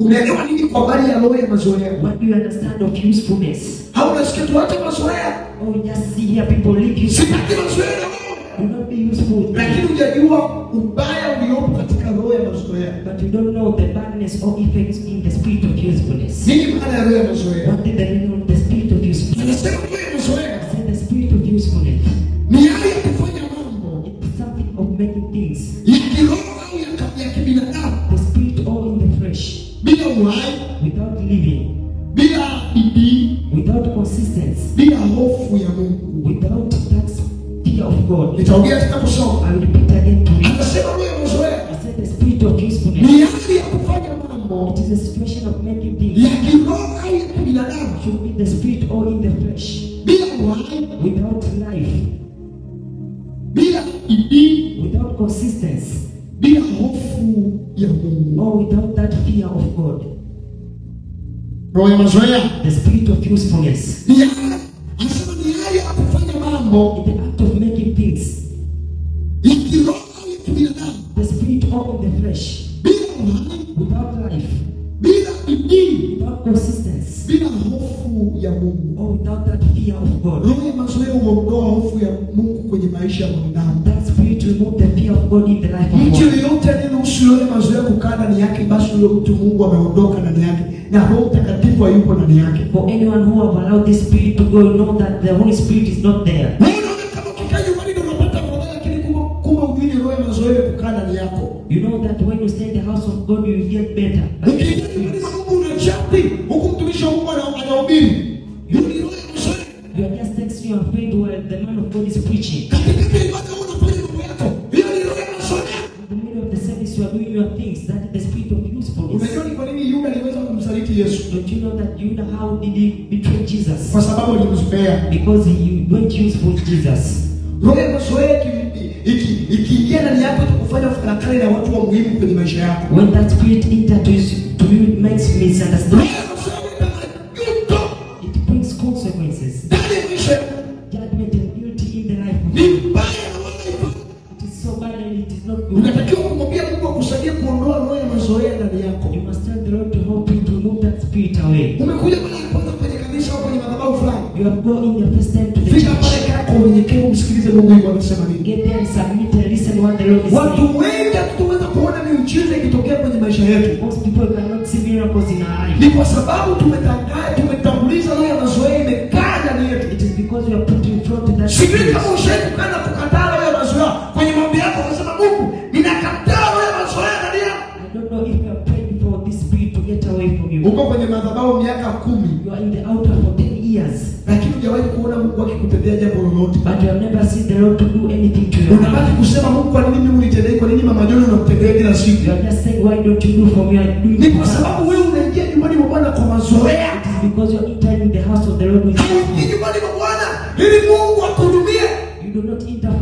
Unaelewa nini kwa habari ya roho ya mazoea? What do you understand of usefulness? Hauna sikitu hata mazoea. Oh, just see here people live you. Sitaki mazoea. Do not be useful. Lakini unajua ubaya uliopo katika roho ya mazoea. But you don't know the badness or effects in the spirit of usefulness. Nini maana ya roho ya mazoea? What did the bila bidii, without consistency, bila hofu ya Mungu, without that fear of God. Nitaongea tena kusoma, I will repeat again to you. Anasema roho ya uzoefu, I said the spirit of usefulness, ni hali ya kufanya mambo, it is a situation of making things, ya kiroho au ya kibinadamu, to be the spirit or in the flesh, bila uhai, without life, bila bidii, without consistency, bila hofu ya Mungu, or without that fear of God roho ya mazoea, the spirit of usefulness. Anasema ni the act of making things, ya the spirit of the flesh, bila uhai, without life, bila bidii, without consistency, bila hofu ya Mungu, or without that fear of God. Roho ya mazoea huondoa hofu ya Mungu kwenye maisha ya mwanadamu, that spirit remove the fear of God in the life of mtu yeyote. mazoea kukaa ndani yake, basi huyo mtu Mungu ameondoka ndani yake na roho Mtakatifu hayupo ndani yake. For anyone who have allowed the spirit to go, know that the Holy Spirit is not there. Unaona kama ukikaje maneno unapata fadhaa, lakini kuma kuma ujue roho inazoea kukaa ndani yako. You know that when you stay in the house of God you get better. Ukikaje maneno Mungu unachati, huku mtumishi wa Mungu anahubiri. You are just texting your friend while the man of God is preaching. Katika ibada unafanya mambo yako. Hiyo ni roho inazoea. In the middle of the service you are doing your things that is the spirit of usefulness. Unajua ni kwa nini Yesu. Don't you know that you know how did he betray Jesus? Kwa sababu alimzubea. Because he went useful Jesus. Roho ya iki ikiingia ndani yako tukufanya ufarakane na watu wa muhimu kwenye maisha yako. When that spirit enter to you, to you makes misunderstand. It brings consequences. Judgment and guilty in the life of you. Unatakiwa kumwambia Mungu akusaidie kuondoa roho ya mazoea ndani yako. You must tell the unyenyekevu, msikilize Mungu yuko anasema nini. Watu wengi hatuweza kuona miujiza ikitokea kwenye maisha yetu, ni kwa sababu tumetanguliza roho ya mazoea, imekaa ndani yetu. Sijui kama ushawahi kukaa kukataa roho ya mazoea kwenye maombi yako, unasema Mungu, ninakataa roho ya mazoea ndani yangu. Uko kwenye madhabahu miaka kumi akikutendea jambo lolote. But you have never seen the Lord to do anything to you. Unabaki kusema Mungu, kwa nini mimi unitendee? Kwa nini mama John anakutendea kila siku? You are just saying why don't you do for me? Ni kwa sababu wewe unaingia nyumbani mwa Bwana kwa mazoea. It is because you are entering the house of the Lord with. Ni nyumbani mwa Bwana ili Mungu akuhudumie. You do not enter